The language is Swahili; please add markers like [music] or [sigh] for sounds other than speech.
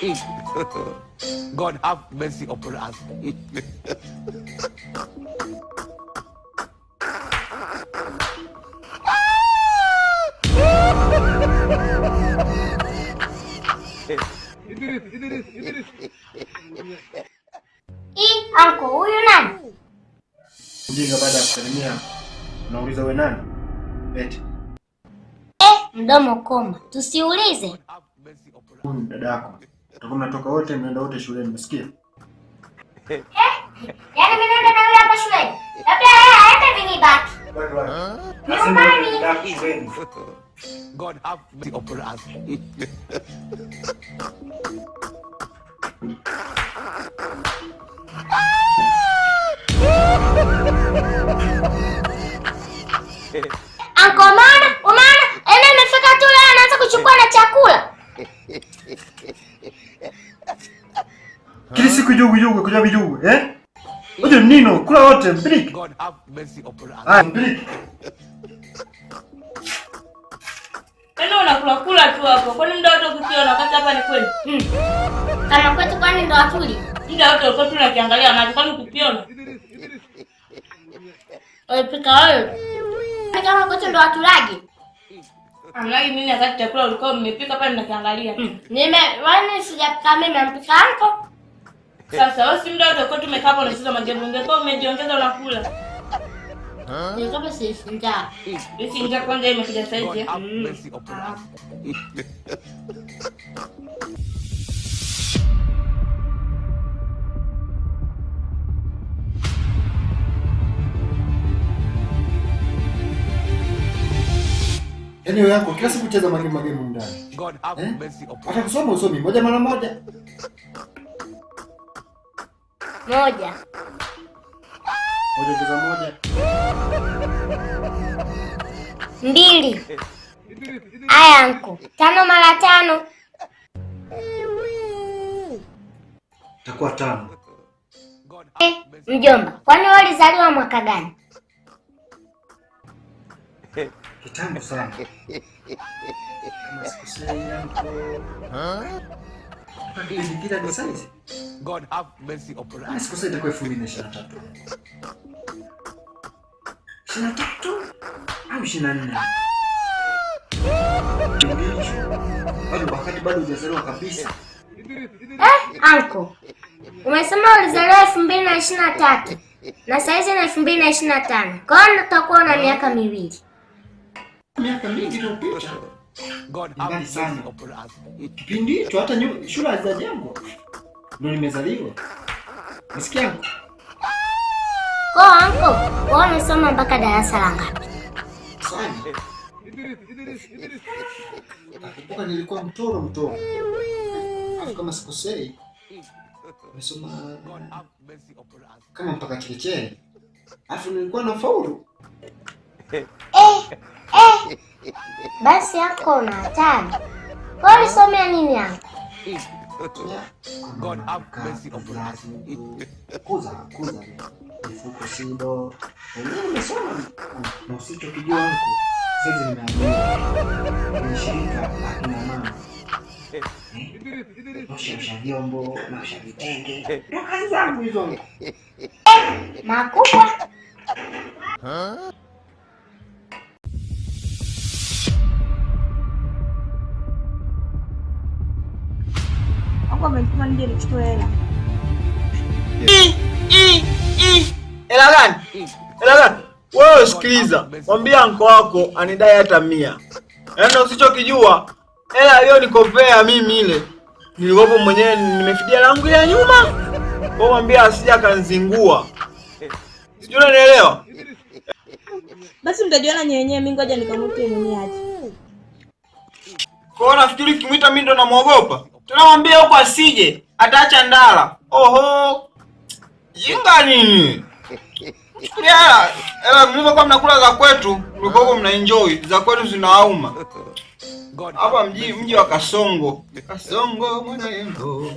[laughs] God have mercy upon us. huyu nani? Mjinga baada ya kusalimia unauliza wewe nani? Eti. Eh, mdomo koma. Tusiulize. Huyu dada yako. Tuko mnatoka wote mnaenda wote shuleni, umesikia? Eh? Yaani mimi naenda na yule hapa shuleni. Labda yeye aende mimi baki. Nyumbani. God have the upper us. Anko, ene mefika tu leo anaanza kuchukua na chakula. kijugu jugu kuja bijugu eh? Ngoja nino kula wote mbrik. God have mercy upon us. Ah mbrik. Wewe unakula kula kula tu hapo. Kwani muda wote ukiona wakati hapa ni kweli? Kama hmm. kwetu kwani ndo akili. Muda wote uko tu unakiangalia maji kwani ukipiona. Wewe pika wewe. Kama kwetu ndo atulagi. Anlai mimi wakati chakula ulikuwa mmepika pale ninakiangalia. Mimi hmm. wani sijapika mimi mpika hapo. Sasa wewe si muda utakuwa tumekaa hapo unacheza magemu, ungekuwa umejiongeza unakula. Nikapo sisinja. Sisinja kwanza imekuja saizi. Hmm. Yaani wewe yako kila siku cheza magemu magemu ndani. Eh? Hata kusoma usomi moja mara moja. Moja. Moja cheza moja. Mbili. Aya anko. Tano mara tano. Takuwa tano. Eh, mjomba, kwani wewe ulizaliwa mwaka gani? Kitambo sana. Kama sikusema yangu. Ha? Kwa ni kile ni saizi. God have mercy upon us. Sikusa itakuwa elfu na ishirini na tatu ishirini na tatu au ishirini na nne bado wakati bado hujazaliwa kabisa. Eh, anko umesema ulizaliwa elfu mbili na ishirini na tatu na saizi na elfu mbili na ishirini na tano kwa hiyo utakuwa na miaka miwili. Miaka mingi iliyopita. God have mercy upon us. Kipindi hicho hata shule hazijajengwa. Ndio nimezaliwa. Nisikia? Ko anko, wewe unasoma mpaka darasa la ngapi? Sana. nilikuwa mtoro mtoro. Kama sikosei, nimesoma uh, kama mpaka chekechea. Alafu nilikuwa na faulu. Eh, eh. Basi yako na hatari. nini yako? God have mercy upon us. Kuza, kuza mifuko SIDO, wenyewe umesoma na usichokijua huko. Sasa nimeambiwa ni shirika mama osha eh? vyombo, naosha vitenge, na kazi zangu hizo eh, makubwa wamenituma nije nichukue hela. Hela gani? Hela gani? Wewe sikiliza, mwambia anko wako anidai hata mia. Yaani usichokijua hela aliyonikopea mimi ile nilikopo mwenyewe nimefidia langu ile ya nyuma. Kwa mwambia asija kanzingua. Sijui unanielewa? Basi mtajiona nyenyewe, mimi ngoja nikamwite mwenyewe aje. Kwa nafikiri kimwita mimi ndo namwogopa tunamwambia huko asije, ataacha ndala. Oho, jinga nini! Hela hela, mlivyokuwa mnakula za kwetu, mlikuwa mna enjoy za kwetu, zinaauma hapa mji mji wa Kasongo. Kasongo mwana